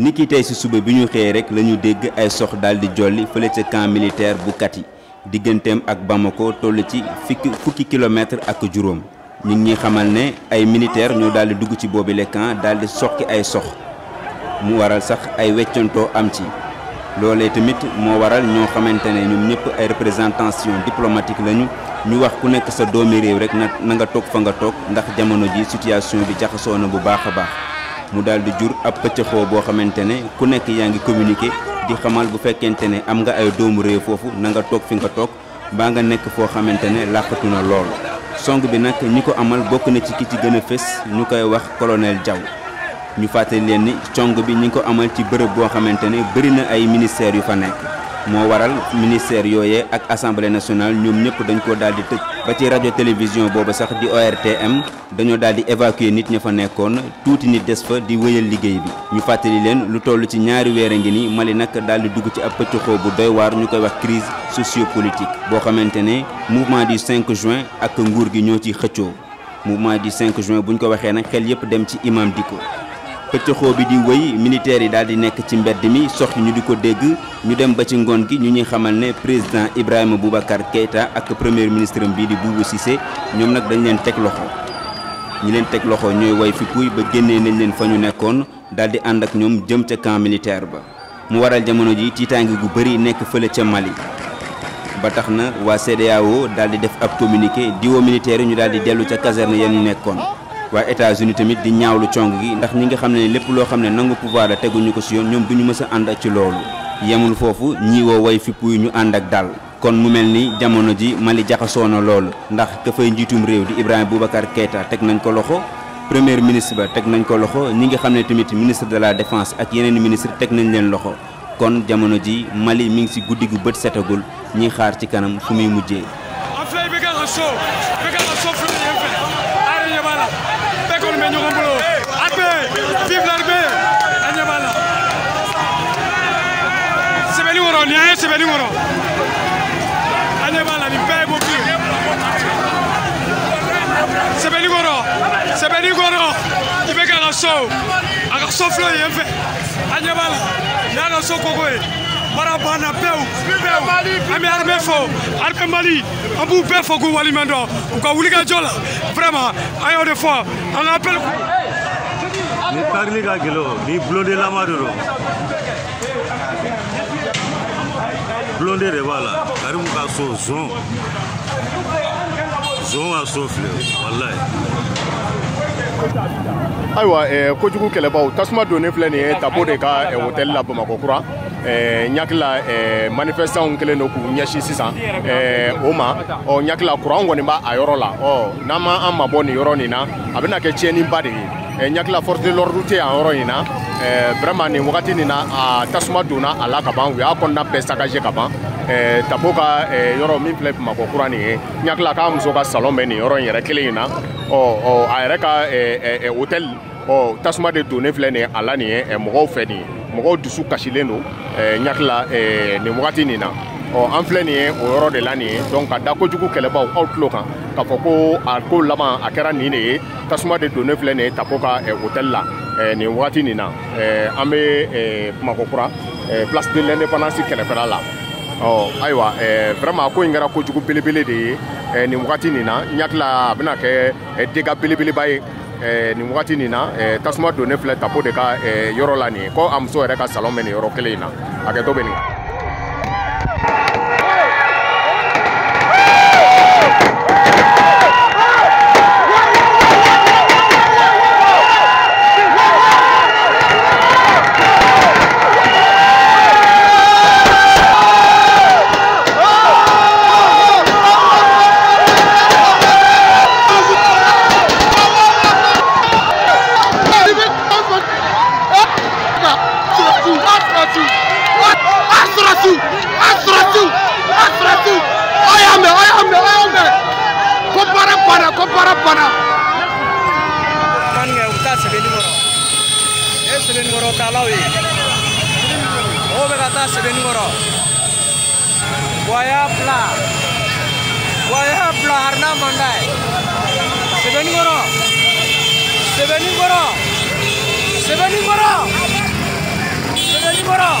nit ki tey si suba bi ñu xëyee rek la ñu dégg ay sox daal di jolli fële ca militaire bu Kati digganteem ak Bamako toll ci fukki fukki kilomètre ak juróom ñu ngi xamal ne ay militaire ñoo daal di dugg ci boobile camp daal di soqi ay sox mu waral sax ay weccantoo am ci loolee tamit moo waral ñoo xamante ne ñoom ñëpp ay représentation diplomatique lañu ñu wax ku nekk sa doomi réew rek na na nga toog fa nga toog ndax jamono ji situation bi jaxasoo na bu baax a baax mu daal di jur ab pëccëxoo boo xamante ne ku nekk yaa ngi communiqué di xamal bu fekkente ne am nga ay doomu réew foofu na nga toog fi nga toog baa nga nekk foo xamante ne làqatu na lool. song bi nag ñi ko amal bokk na ci ki ci gën a fés ñu koy wax colonel Diaw ñu fàtte leen ni song bi ñi ko amal ci bërëb boo xamante ne bëri na ay ministères yu fa nekk moo waral ministère yooyee ak assemblée nationale ñoom ñëpp dañ ko daal di tëj. ba ci rajo télévision boobu sax di ORTM dañoo daal di évacuer nit ña fa nekkoon tuuti nit des fa di wéyal liggéey bi ñu fàttali leen lu toll ci ñaari weer a ngi ni Mali nag daal di dugg ci ab pëccëxoo bu doy waar ñu koy wax crise sociopolitique boo xamante ne mouvement du 5 juin ak nguur gi ñoo ci xëccoo mouvement du 5 juin bu ñu ko waxee nag xel yépp dem ci di ko pëccëxoo bi di wëy militaires yi daal di nekk ci mbedd mi soxti ñu di ko dégg ñu dem ba ci ngoon gi ñu ñuy xamal ne président Ibrahima Boubacar Keïta ak premier ministre bi di Boubou Cissé ñoom nag dañu leen teg loxo ñi leen teg loxo ñooy way fippuy ba génnee nañ leen fa ñu nekkoon daal di ànd ak ñoom jëm ca camp militaire ba mu waral jamono ji tiitaange gu bëri nekk fële ca Mali ba tax na waa CEDEAO daal di def ab communiqué diwoo militaire yi ñu daal di dellu ca caserne ya ñu nekkoon waa États-Unis tamit di ñaawlu cong gi ndax ñi nga xam ne lépp loo xam ne nangu pouvoir tegu teguñu ko ci yoon ñoom duñu mës a ànd ak ci loolu yemul foofu ñii woo way fippu ñu ànd ak dal kon mu mel ni jamono ji Mali jaxasoo na loolu ndax ka fay njiitum réew di Ibrahima Boubacar Keïta teg nañ ko loxo premier ministre ba teg nañ ko loxo ñi nga xam ne tamit ministre de la défense ak yeneen ministre teg nañ leen loxo kon jamono ji Mali mi ngi ci guddi gu bët setagul ñi xaar ci kanam fu muy mujjee ɓe ñogombulo arɓe fiflarɓe a ñamala seɓeni woro ni aye seɓeni woro a ñamala ni pee bo pi seɓeni woro seɓeni woro iɓe kaga sow aga soflo yen fe a ñamala yaga so kokoye bara banna pew pew an be armée fo armée mali an b'u bɛɛ fo k'u waliɲuman dɔn u ka wuli ka jɔ la vraiment ayons de foi on appelle ನಿಟ್ಟಾಗ್ಲಿಕ್ಕಾಗಿಲ್ಲ ನೀ ಬ್ಲೋಂಡಿಲ್ಲ ಮಾಡಿರು blonde rebala karibu ka so zon zon a so filɛ walayi ayiwa eh, kojugu kɛlɛbaw tasuma donnen filɛ nin ye tabo de ka eh, hôtel la bamakɔ kura ɲakila eh, manifestanw kelen do k'u ɲɛsi sisan o ma ɔ ɲakila kuran kɔni b'a a yɔrɔ la ɔ n'an ma an mabɔ nin yɔrɔ nin na a bɛna kɛ tiɲɛniba de ye ɲakila force de l'ordre tɛ yan yɔrɔ in na vraiment nin wagati nin na a tasuma donna a la ka ban u y'a kɔnɔna bɛɛ sagaje ka ban tabo ka yɔrɔ min filɛ bamakɔ kura nin ye ɲakila k'a muso ka salon bɛ nin yɔrɔ in yɛrɛ a yɛrɛ ka hôtel tasuma de donnen filɛ nin a la nin mɔgɔw fɛ nin mɔgɔw dusu kasilen don n la nin wagati nin na an filɛ nin o yɔrɔ de la nin ye donc ka da kojugu kɛlɛbaw aw tulo kan k'a fɔ ko a ko laban a kɛra nin de ye tasuma de donnen filɛ nin ye tako ka hôtel la nin wagati nin na an bɛ bamakɔkura place de l'indépendance kɛrɛfɛla la ayiwa vraiment ko in kɛra kojugu belebele de ye Eh, nin wagati nin na n la a bɛna kɛ eh, dégâts belebeleba ye eh, nin wagati nin na tasuma donnen filɛ tapo de ka yɔrɔ la nin ye ko a muso yɛrɛ ka salon bɛ nin yɔrɔ kelen na hakɛto bɛ nin Asratou Asratou Asratou oyambe oyambe oyambe kopara pana kopara pana man nga u taa sɛbɛn nimɔrɔ e sɛbɛn nimɔrɔ taalaw ye mɔgɔw bɛ ka taa sɛbɛn nimɔrɔ buwaya fila buwaya fila harina manda ye sɛbɛn nimɔrɔ sɛbɛn nimɔrɔ sɛbɛn nimɔrɔ sɛbɛn nimɔrɔ.